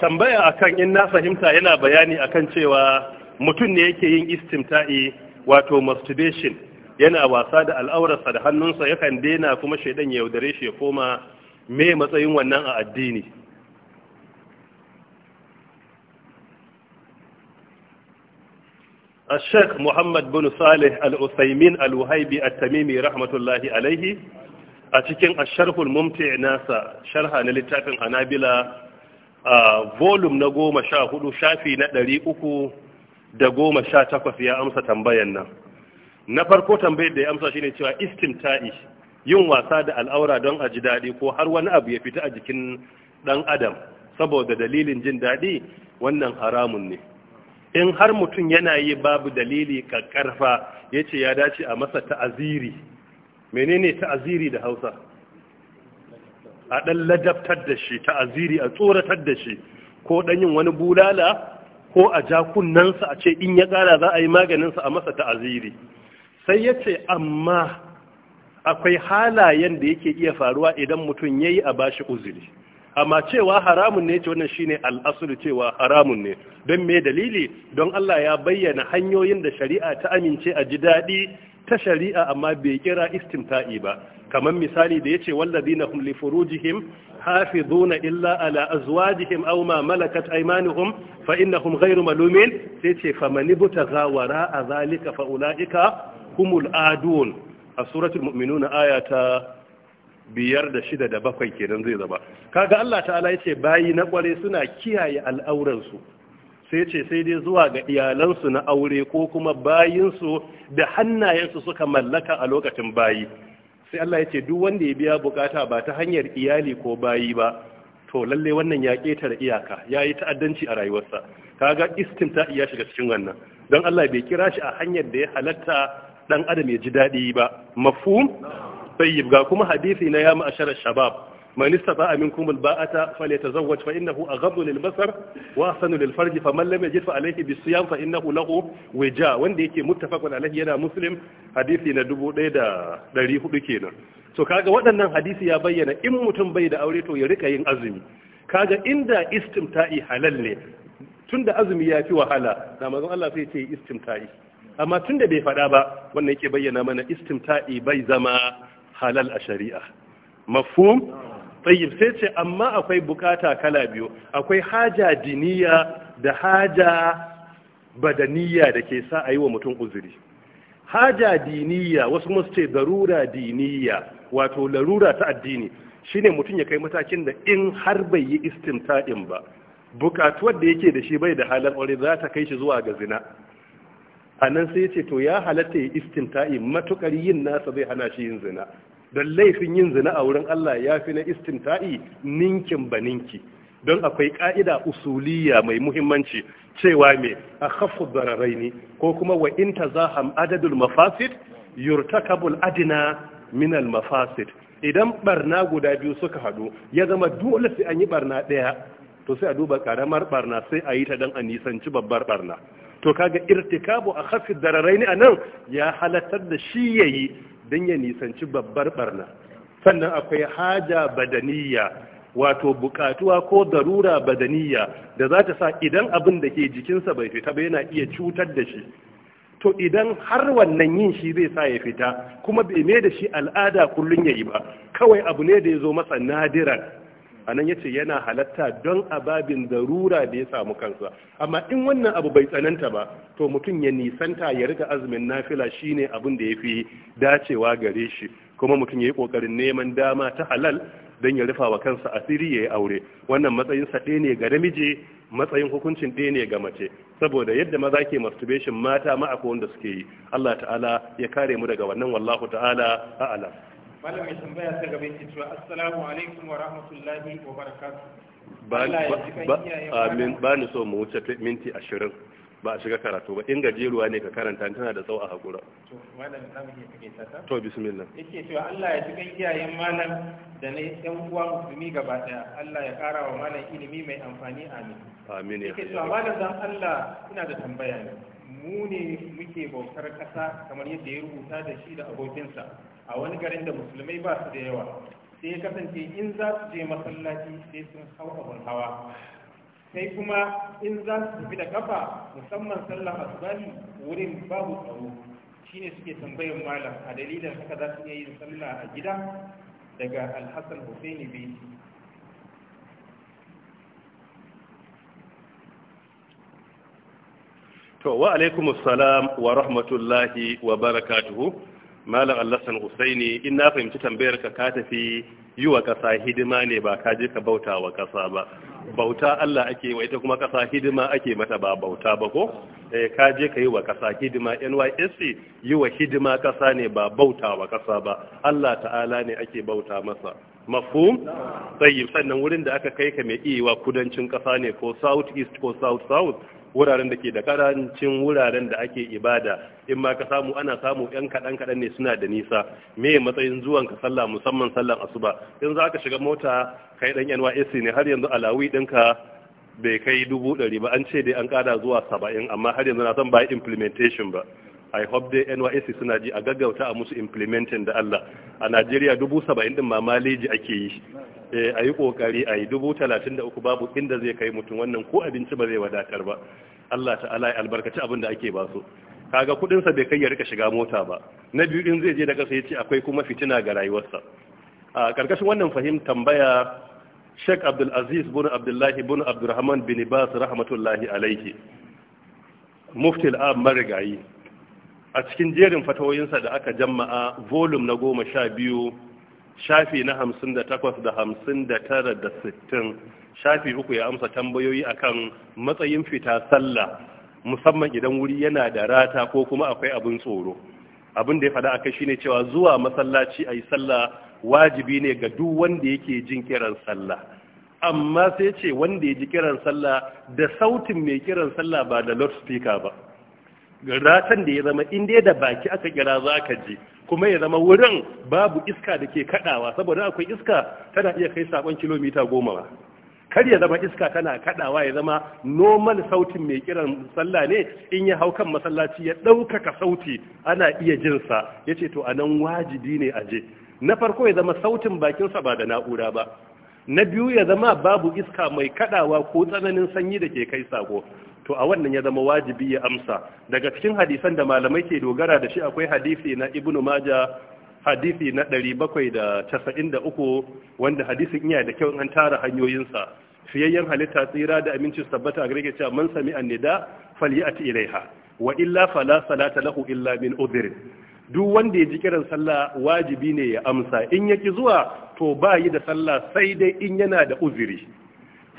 tambaya akan in na fahimta yana bayani akan cewa mutum ne yake yin istimta'i wato masturbation yana wasa da al'aurarsa da hannunsa yakan daina kuma shaidan ya yaudare shi ya koma me matsayin wannan a addini الشيخ محمد بن صالح الأثيمين الوهيبي التميمي رحمة الله عليه أتكين الشرح الممتع ناسا na littafin أنابلة volume na goma sha hudu shafi na ɗari uku da goma sha takwas ya amsa tambayan nan na farko tambayar da ya amsa shine cewa istimta'i yin wasa da al'aura don a ji daɗi ko har wani abu ya fita a jikin ɗan adam saboda dalilin jin daɗi wannan haramun ne in har mutum yana yi babu dalili ƙaƙƙarfa, ya ce ya dace a masa ta'aziri menene ta'aziri da hausa a ɗan ladabtar da shi ta'aziri a tsoratar da shi ko ɗan yin wani bulala ko a jakunansa a ce in ya ƙara za a yi maganinsa a masa ta'aziri sai ya ce amma akwai halayen da yake iya faruwa idan mutum ya yi a bashi uziri. amma cewa haramun ne ce wannan shine al'asulu cewa haramun ne don me dalili don Allah ya bayyana hanyoyin da shari'a ta amince a ji daɗi ta shari'a amma bai kira istimta'i ba kamar misali da yace walladina hum li furujihim hafizuna illa ala azwajihim aw ma malakat aymanuhum fa innahum ghayru malumin sai ce famanibtaga wara zalika fa ulaika humul adun a suratul mu'minuna ayata biyar da shida da bakwai kenan zai zama kaga Allah ta'ala ya ce, bayi na kware suna kiyaye al'auransu sai ce sai dai zuwa ga iyalansu na aure ko kuma bayinsu da hannayensu suka mallaka a lokacin bayi sai Allah ya ce, duk wanda ya biya bukata ba ta hanyar iyali ko bayi ba to lalle wannan ya ketare iyaka yayi ta'addanci a rayuwarsa kaga istimta iya shiga cikin wannan dan Allah bai kira shi a hanyar da ya halatta dan adam ya ji dadi ba mafhum tayyib ga kuma hadisi na ya ma'ashar shabab ba istata'a minkum alba'ata falyatazawwaj fa innahu aghaddu lilbasar wa ahsanu lilfarj faman lam yajid fa alayhi bisiyam fa innahu lahu wija wanda yake muttafaqun alayhi yana muslim hadisi na 1400 kenan to kaga waɗannan hadisi ya bayyana in mutum bai da aure to ya rika yin azumi kaga inda istimta'i halal ne tunda azumi ya fi wahala na manzon Allah sai ya ce istimta'i amma tunda bai faɗa ba wannan yake bayyana mana istimta'i bai zama halal a shari'a mafhum tsayyib sai ce amma akwai bukata kala biyu akwai haja diniya da haja badaniya da ke sa a yi wa mutum uzuri haja diniya wasu musu ce darura diniya wato larura ta addini shine mutum ya kai matakin da in har bai yi istimta'in ba bukatuwar da yake da shi bai da halar aure za ta kai shi zuwa ga zina a nan sai ce to ya halatta ya istimta'i matukar yin nasa zai hana shi yin zina don laifin yin zina a wurin Allah ya fi na ta'i ninkin ba ninki don akwai ka'ida usuliya mai muhimmanci cewa mai a khafu dararaini ko kuma wa in tazaham adadul mafasid yurtakabul adina min al mafasid idan barna guda biyu suka haɗu, ya zama dole sai an yi barna daya to sai a duba ƙaramar barna sai a yi ta dan a nisanci babbar barna to kaga irtikabu a khafi a nan ya halatar da shi yayi don ya nisanci babbar barna sannan akwai haja badaniya wato bukatuwa ko darura badaniya da za ta sa idan abin da ke jikinsa bai fita ba yana iya cutar da shi to idan har wannan yin shi zai sa ya fita kuma bai mai da shi al'ada kullum ya yi ba kawai abu ne da ya zo masa nadiran A anan yace yana halatta don ababin zarura da ya samu kansa amma in wannan abu bai tsananta ba to mutum ya nisanta ya rika azumin nafila shine abin da ya fi dacewa gare shi kuma mutum ya yi kokarin neman dama ta halal don ya rufa wa kansa asiri ya yi aure wannan matsayin sa ɗaya ne ga namiji matsayin hukuncin ɗaya ne ga mace saboda yadda maza ke masturbation mata ma akwai wanda suke yi Allah ta'ala ya kare mu daga wannan wallahu ta'ala a'lam malam mai tambaya ta gaba yake cewa assalamu alaikum wa rahmatullahi wa barakatuh amin ba ni so mu wuce minti ashirin ba a shiga karatu ba in gajeruwa ne ka karanta tana da tsawo a hakura to bismillah yake cewa Allah ya ji iyayen malam da na yan uwa musulmi gaba daya Allah ya kara wa malam ilimi mai amfani amin amin yake cewa malam dan Allah ina da tambaya ne mu ne muke bautar kasa kamar yadda ya rubuta da shi da abokinsa a wani garin da musulmai ba su da yawa sai ya kasance in za su je masallaci sai sun hau abun hawa sai kuma in za su tafi da kafa musamman sallah asubahi wurin babu tsaro shine suke tambayin malam a dalilin haka za su iya yin sallah a gida daga alhassan husaini bai to wa alaikumussalam wa rahmatullahi wa barakatuhu malam allasan husaini in na fahimci tambayar ka ka tafi yi wa ƙasa hidima ne ba ka je ka bauta wa ƙasa ba bauta Allah ake wa ita kuma ƙasa hidima ake mata ba bauta ba ko eh ka je ka yi wa ƙasa hidima NYSC yi wa hidima ƙasa ne ba bauta wa ƙasa ba Allah ta'ala ne ake bauta masa mafhum sai sannan wurin da aka kai ka mai iya kudancin ƙasa ne ko south east ko south south wuraren da ke da karancin wuraren da ake ibada in ma ka samu ana samu yan kaɗan kaɗan ne suna da nisa me matsayin zuwan ka sallah musamman sallan asuba in za ka shiga mota kai dan NYSC ne har yanzu alawi ɗinka bai kai dubu ɗari ba an ce dai an ƙara zuwa saba'in amma har yanzu na san ba implementation ba i hope dai NYSC suna ji a gaggauta a musu implementing da Allah a Najeriya dubu saba'in din ma maleji ake yi Eh, a yi ƙoƙari a yi dubu talatin da uku babu inda zai kai mutum wannan ko abinci ba zai wadatar ba Allah ta'ala ya albarkaci abin da ake ba su kaga kuɗinsa bai kai ya rika shiga mota ba na biyu in zai je daga sai ce akwai kuma fitina ga rayuwarsa a karkashin wannan fahim tambaya Sheikh Abdul Aziz bin Abdullah bin Abdurrahman bin Bas rahmatullahi alaihi Mufti al marigayi a cikin jerin fatawoyinsa da aka jama'a volume na goma sha biyu shafi na hamsin da takwas da hamsin da tara da sittin shafi uku ya amsa tambayoyi akan matsayin fita sallah musamman idan wuri yana da rata ko kuma akwai abin tsoro abin da ya faɗa shi shine cewa zuwa masallaci a yi sallah wajibi ne ga duk wanda yake jin kiran sallah amma sai ce wanda ya ji kiran sallah da sautin mai kiran sallah ba da loudspeaker ba ratan da ya zama inda da baki aka kira za ka je kuma ya zama wurin babu iska da ke kadawa saboda akwai iska tana iya kai sabon kilomita goma ba kar ya zama iska tana kadawa ya zama normal sautin mai kiran sallah ne in ya hau kan masallaci ya ɗaukaka sauti ana iya jinsa ya ce to a nan wajibi ne a je na farko ya zama sautin bakin sa ba da na'ura ba na biyu ya zama babu iska mai kadawa ko tsananin sanyi da ke kai sako to a wannan ya zama wajibi ya amsa daga cikin hadisan da malamai ke dogara da shi akwai hadisi na ibnu maja hadisi na 793 wanda hadisin iya da kyau an tara hanyoyinsa fiyayyen halitta tsira da amincin sabbata a gare cewa man sami annida ati ilaiha wa illa fala salata lahu illa min udhrin duk wanda ya ji kiran sallah wajibi ne ya amsa in yaki zuwa to ba yi da sallah sai dai in yana da uzuri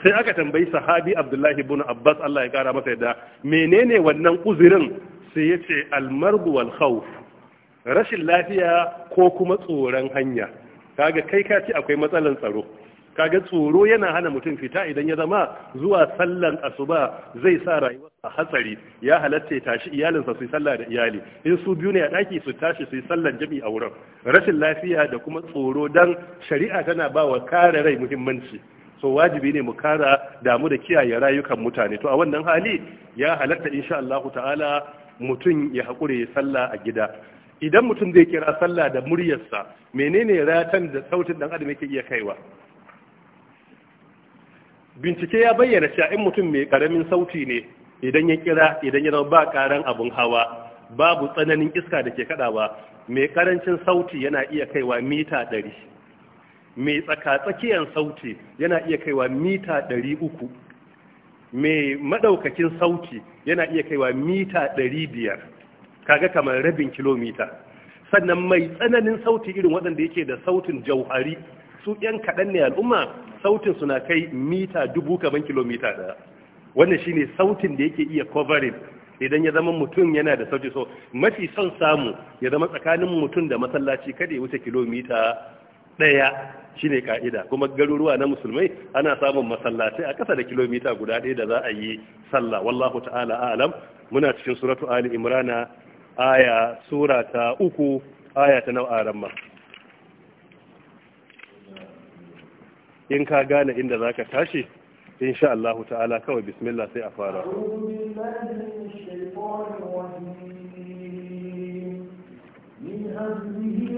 sai aka tambayi sahabi abdullahi ibn abbas Allah ya kara masa yadda menene wannan uzurin sai ya ce almarbu wal khawf rashin lafiya ko kuma tsoron hanya kaga kai ka ce akwai matsalan tsaro kaga tsoro yana hana mutum fita idan ya zama zuwa sallan asuba zai sa rayuwa a hatsari ya halatta ya tashi iyalinsa su yi sallah da iyali in su biyu ne a daki su tashi su yi sallan jami a wurin rashin lafiya da kuma tsoro dan shari'a tana ba wa kare rai muhimmanci so wajibi ne mu kara damu da kiyaye rayukan mutane to a wannan hali ya halatta insha Allah ta'ala mutum ya hakure sallah a gida idan mutum zai kira sallah da muryarsa menene ratan da sautin dan adam yake iya kaiwa bincike ya bayyana cewa in mutum mai karamin sauti ne idan ya kira idan ya zama ba karan abun hawa babu tsananin iska da ke kadawa mai karancin sauti yana iya kaiwa mita ɗari. mai tsakatsakiyar sauti yana iya kaiwa mita 300 mai madaukakin sauti yana iya kaiwa mita 500 kaga kamar rabin kilomita sannan mai tsananin sauti irin waɗanda yake da sautin jauhari su ɗan kaɗan ne al'umma sautin suna kai mita dubu kaman kilomita ɗaya wannan shi ne sautin da yake iya covering idan ya zama mutum yana da sauti so mafi son samu ya zama tsakanin mutum da masallaci kada ya wuce kilomita ɗaya shi ne ka'ida kuma garuruwa na musulmai ana samun masallatai a ƙasa da kilomita guda ɗaya da za a yi sallah wallahu ta'ala alam muna cikin suratu ali imrana aya sura ta uku aya ta nau'a ramma in ka gane inda za ka tashi sha Allah ta'ala kawai bismillah sai a fara من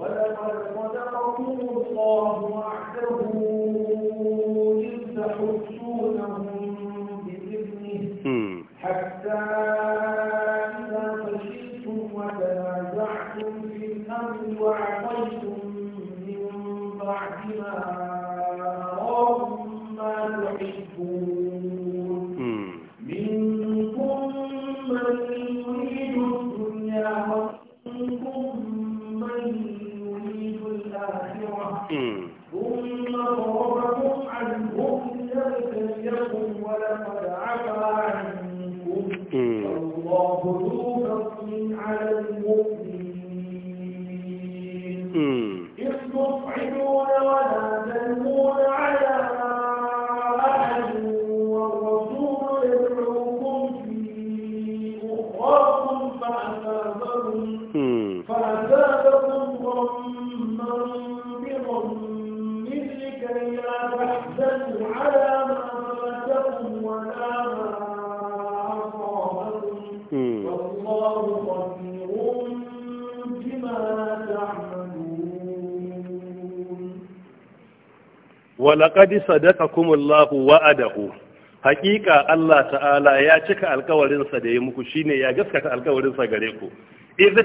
ولقد صدقكم الله وعده إذ تحسونهم بإذنه حتى إذا خشيتم وتنازعتم في الأمر وعصيتم من بعد ما Hmm. walaƙadi sadaka kumullahu wa'adahu haƙiƙa Allah ta'ala ya cika alkawarinsa da ya muku shine ya gaskata alkawarinsa gare ku iz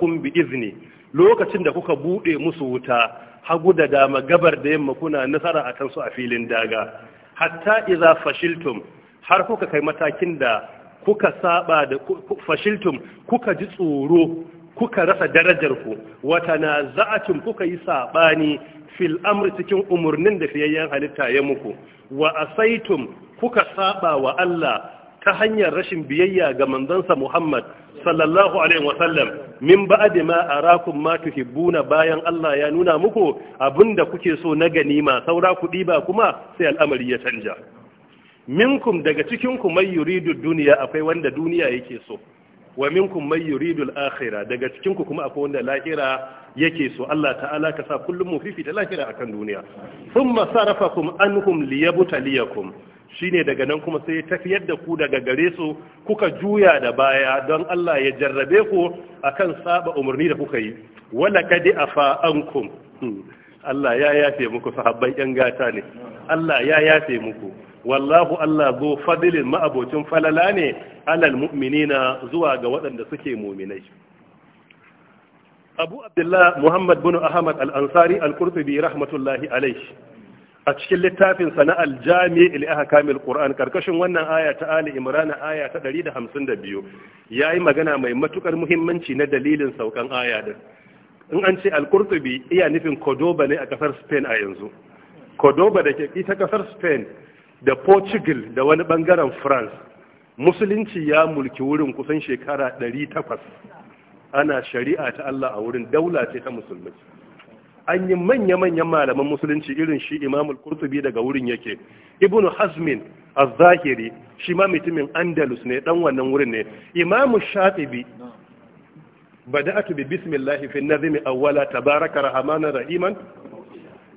kun bi izni lokacin da kuka buɗe musu wuta hagu da dama gabar da yamma kuna nasara a kansu a filin daga hatta iza fashiltum har kuka kai matakin da kuka saba da fashiltum kuka ji tsoro kuka rasa darajar ku wata na za'atin kuka yi sabani fil amri cikin umurnin da fiyayyen halitta ya muku wa asaitum kuka saba wa Allah ta hanyar rashin biyayya ga manzansa Muhammad sallallahu alaihi wasallam min ba'di ma arakum ma tuhibbuna bayan Allah ya nuna muku abinda kuke so na ganima saura kuɗi ba kuma sai al'amari ya canja minkum daga cikin ku mai yuridu duniya akwai wanda duniya yake so wa minkum mai yuridu al-akhirah daga cikin ku kuma akwai wanda lahira yake so Allah ta'ala ka sa kullum mu fifita lahira akan duniya thumma sarafakum anhum liyabtaliyakum shine daga nan kuma sai ya tafiyar da ku daga gare su kuka juya da baya don Allah ya jarrabe ku akan saba umarni da kuka yi wala kadi afa ankum hmm. Allah ya yafe muku sahabban yan gata ne Allah ya yafe muku wallahu Allah zo fadilin ma'abocin falala ne alal mu'minina zuwa ga waɗanda suke muminai Abu Abdullah Muhammad bin Ahmad Al-Ansari al rahmatullahi alaihi a cikin littafin sa na aljami il ahkamil qur'an karkashin wannan aya ta ali imran aya ta 152 yayi magana mai matukar muhimmanci na dalilin saukan aya din in an ce al-qurtubi iya nufin cordoba ne a kasar spain a yanzu cordoba da ke ita kasar spain da portugal da wani bangaren france musulunci ya mulki wurin kusan shekara 800 ana shari'a ta Allah a wurin daula ce ta musulmi an yi manya-manyan malaman musulunci irin shi imamul kurtubi daga wurin yake ibnu hazmin az-zahiri shi ma mutumin andalus ne dan wannan wurin ne imamu shatibi bada'atu bi bismillah fi nazm awwala tabaraka rahmanan rahiman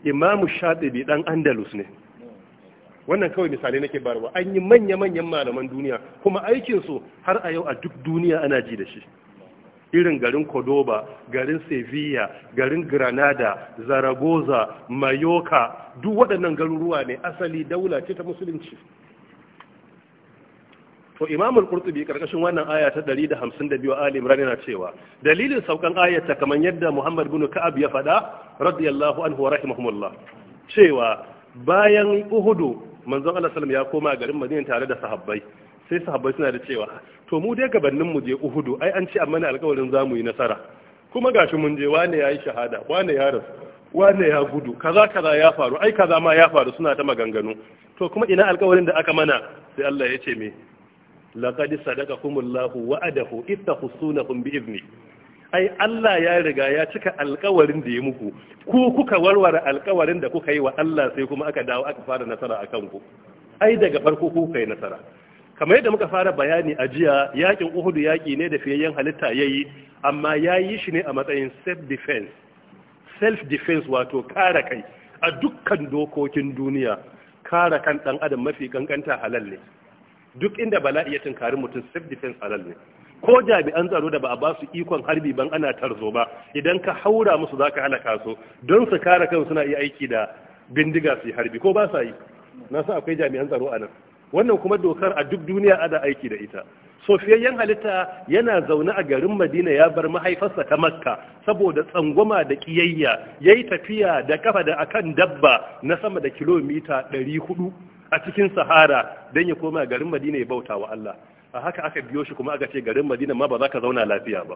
imamu shatibi dan andalus ne wannan kawai misali nake barwa an yi manya-manyan malaman duniya kuma aikinsu har a yau a duk duniya ana ji da shi irin garin Cordoba, garin Sevilla, garin Granada, Zaragoza, Mallorca, duk waɗannan garuruwa ne asali daula ce ta musulunci. To Imam Al-Qurtubi karkashin wannan aya ta 152 Ali Imran yana cewa dalilin saukan ayata kamar yadda Muhammad bin Ka'ab ya faɗa radiyallahu anhu wa rahimahumullah cewa bayan Uhudu manzon Allah sallallahu ya koma garin Madina tare da sahabbai sai sahabbai suna da cewa to mu dai gabanin mu je uhudu ai an ci amma ne alƙawarin zamu yi nasara kuma gashi mun je wane yayi shahada wane ya rasu wane ya gudu kaza kaza ya faru ai kaza ma ya faru suna ta maganganu to kuma ina alƙawarin da aka mana sai Allah ya ce me laqad sadaqakumullahu wa'adahu ittakhsunahum bi'izni ai Allah ya riga ya cika alƙawarin da ya muku ku kuka warware alƙawarin da kuka yi wa Allah sai kuma aka dawo aka fara nasara akan ku ai daga farko ku kai nasara kamar yadda muka fara bayani a jiya yakin uhudu yaki ne da fiyayyen halitta ya yi amma ya yi shi ne a matsayin self-defense self-defense wato kare kai a dukkan dokokin duniya kara kan ɗan adam mafi kankanta halal ne duk inda bala'i ya tunkari mutum self-defense halal ne ko jami'an tsaro da ba a ba su ikon harbi ban ana tarzo ba idan ka haura musu za ka halaka su don su kare kan suna iya aiki da bindiga su yi harbi ko ba sa yi na san akwai jami'an tsaro a nan wannan kuma dokar a duk duniya ada aiki da ita sofiyayyen halitta yana zaune a garin madina ya bar mahaifarsa ta makka saboda tsangwama da kiyayya ya yi tafiya da kafa da akan dabba na sama da kilomita 400 a cikin sahara don ya koma garin madina ya bauta wa allah a haka aka biyo shi kuma aka ce garin madina ma ba za ka zauna lafiya ba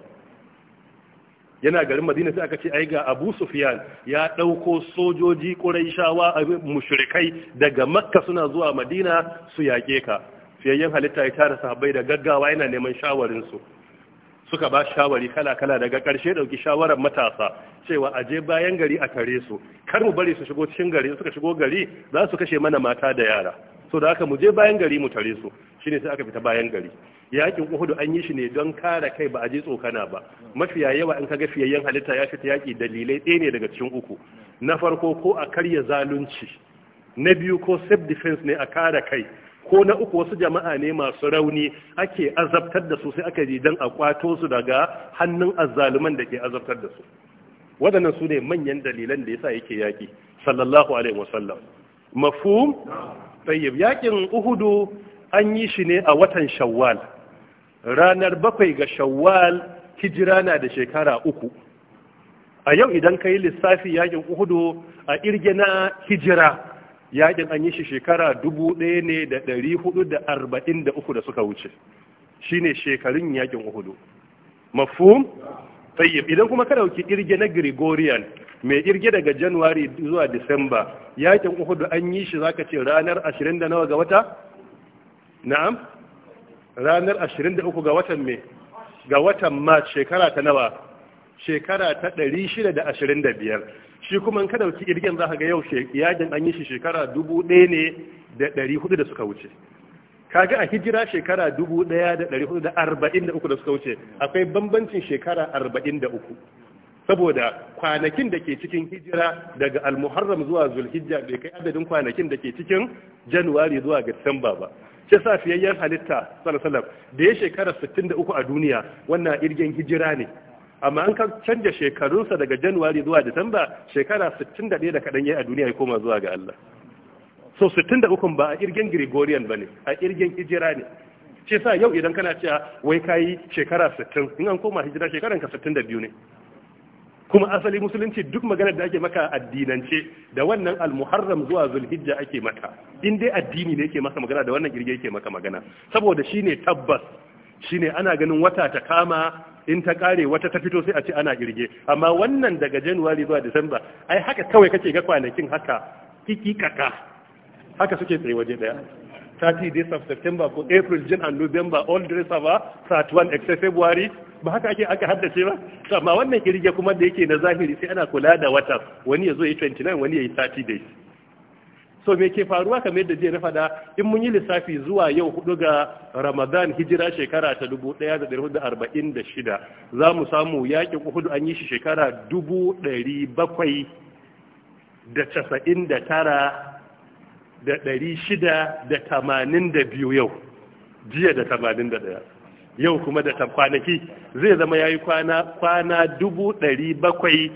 yana garin madina sai aka ce ai ga abu sufyan ya ɗauko sojoji ƙuraishawa mushrikai daga makka suna zuwa madina su yake ka fiyayyen halitta ya tara sahabbai da gaggawa yana neman shawarinsu suka ba shawari kala-kala daga ƙarshe ɗauki shawarar matasa cewa a je bayan gari a kare su kar mu bari su shigo cikin gari suka shigo gari za su kashe mana mata da yara so da haka mu je bayan gari mu tare su shine sai aka fita bayan gari yakin uhudu an yi shi ne don kare kai ba a je tsokana ba mafi yawa in ka kaga fiyayyen halitta ya fita yaki dalilai ɗaya ne daga cikin uku na farko ko a karya zalunci na biyu ko self defense ne a kare kai ko na uku wasu jama'a ne masu rauni ake azabtar da su sai aka ji dan a kwato su daga hannun azzaluman da ke azabtar da su waɗannan su ne manyan dalilan da yasa yake yaki sallallahu alaihi wasallam mafhum tayyib yakin uhudu an yi shi ne a watan shawwal ranar bakwai ga shawwal hijira na da shekara uku a yau idan ka yi lissafi yakin uhudu a irge na hijira yakin an yi shi shekara dubu ɗaya ne da ɗari hudu da arba'in da uku da suka wuce shine shekarun yakin uhudu mafhum tayyib idan kuma ka dauki irge na gregorian mai irge daga january zuwa Disamba yakin uhudu an yi shi zaka ce ranar 20 da nawa ga wata na'am ranar 23 ga watan mai ga watan mat shekara ta nawa shekara ta 625 shi kuma in ka dauki irgen za ka ga yau yakin an yi shi shekara 1000 ne da 400 da suka wuce kaga a hijira shekara 1443 da suka wuce akwai bambancin shekara 43 saboda kwanakin da ke cikin hijira daga almuharram zuwa zulhijja bai kai adadin kwanakin da ke cikin januwari zuwa ga disamba ba shi sa halitta sallallahu da ya shekara 63 a duniya wannan irgen hijira ne amma an kan canja shekarunsa daga januwari zuwa disamba shekara 61 da kadan yayi a duniya ya koma zuwa ga Allah so 63 ba a irgen gregorian bane a irgen hijira ne shi sa yau idan kana cewa wai kayi shekara 60 in an koma hijira shekaran ka 62 ne kuma asali musulunci duk maganar da ake maka addinance da wannan almuharram zuwa zulhijja ake maka in dai addini ne yake maka magana da wannan kirge yake maka magana saboda shine tabbas shine ana ganin wata ta kama in ta kare wata ta fito sai a ce ana girge amma wannan daga januwari zuwa december ai haka kawai kake ga kwanakin haka kikikaka haka suke tsaye waje daya 30 days of September ko April, June and November all days of 31 except February ba haka ake aka haddace ba amma wannan kirge kuma da yake na zahiri sai ana kula da wata wani ya zo ya 29 wani ya yi 30 days so me ke faruwa kamar yadda jiya na faɗa in mun yi lissafi zuwa yau hudu ga ramadan hijira shekara ta 1446 za mu samu yakin uhudu an yi shi shekara 799 da ɗari shida da tamanin da biyu yau jiya da tamanin da ɗaya yau kuma da kwanaki zai zama ya yi kwana dubu ɗari bakwai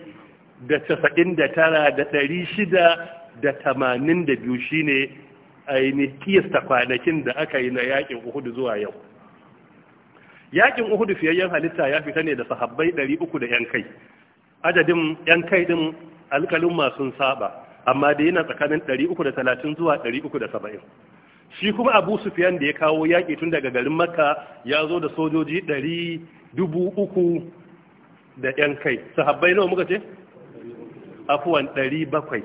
da casa'in da tara da ɗari shida da tamanin da biyu shi ne ainihin kwanakin da aka yi na yakin uhudu zuwa yau yakin uhudu fiyayyen halitta ya fita ne da sahabbai ɗari uku da yan kai adadin yan kai din alkalin masu saba amma da yana tsakanin ɗari uku da talatin zuwa ɗari uku da saba'in shi kuma abu sufiyan da ya kawo yaƙi tun daga garin makka ya zo da sojoji ɗari dubu uku da ‘yan kai sahabbai nawa muka ce? afuwan ɗari bakwai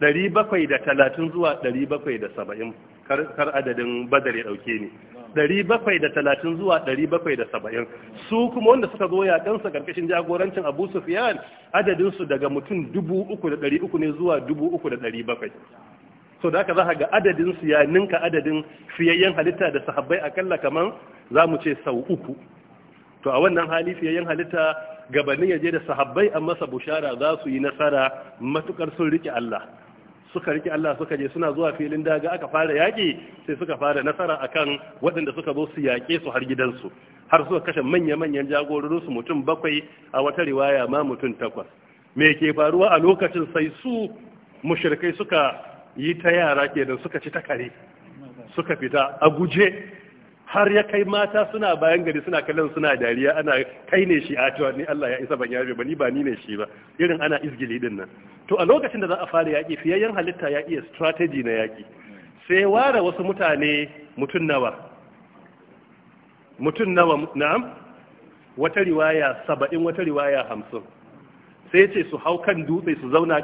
ɗari bakwai da talatin zuwa ɗari bakwai da saba'in kar adadin badar ya ɗauke ni ɗari bakwai da talatin zuwa ɗari bakwai da saba'in su kuma wanda suka zo yaƙansa ƙarƙashin jagorancin abu sufiyan adadinsu daga mutum dubu uku da ɗari uku ne zuwa dubu uku da ɗari bakwai so da haka za ga adadin su ya ninka adadin fiyayyen halitta da sahabbai akalla kaman za mu ce sau uku to a wannan hali fiyayyen halitta gabanin ya je da sahabbai an masa bushara za su yi nasara matukar sun rike Allah suka rike Allah suka je suna zuwa filin daga aka fara yaƙi sai suka fara nasara akan waɗanda suka zo su yaƙe su har gidansu har suka kashe manya-manyan jagororin su mutum bakwai a wata riwaya ma mutum takwas me ke faruwa a lokacin sai su mushrikai suka yi ta yara ke kenan suka ci ta kare suka fita a guje har ya kai mata suna bayan gari suna kallon suna dariya ana kai ne shi a cewa ni Allah ya isa ban yabe ba ni ba ni ne shi ba irin ana izgili din nan to a lokacin da za a fara yaki fiyayyen halitta ya iya strategy na yaki sai ware wasu mutane mutun nawa mutun nawa na'am wata riwaya 70 wata riwaya 50 sai ce su hau kan dutse su zauna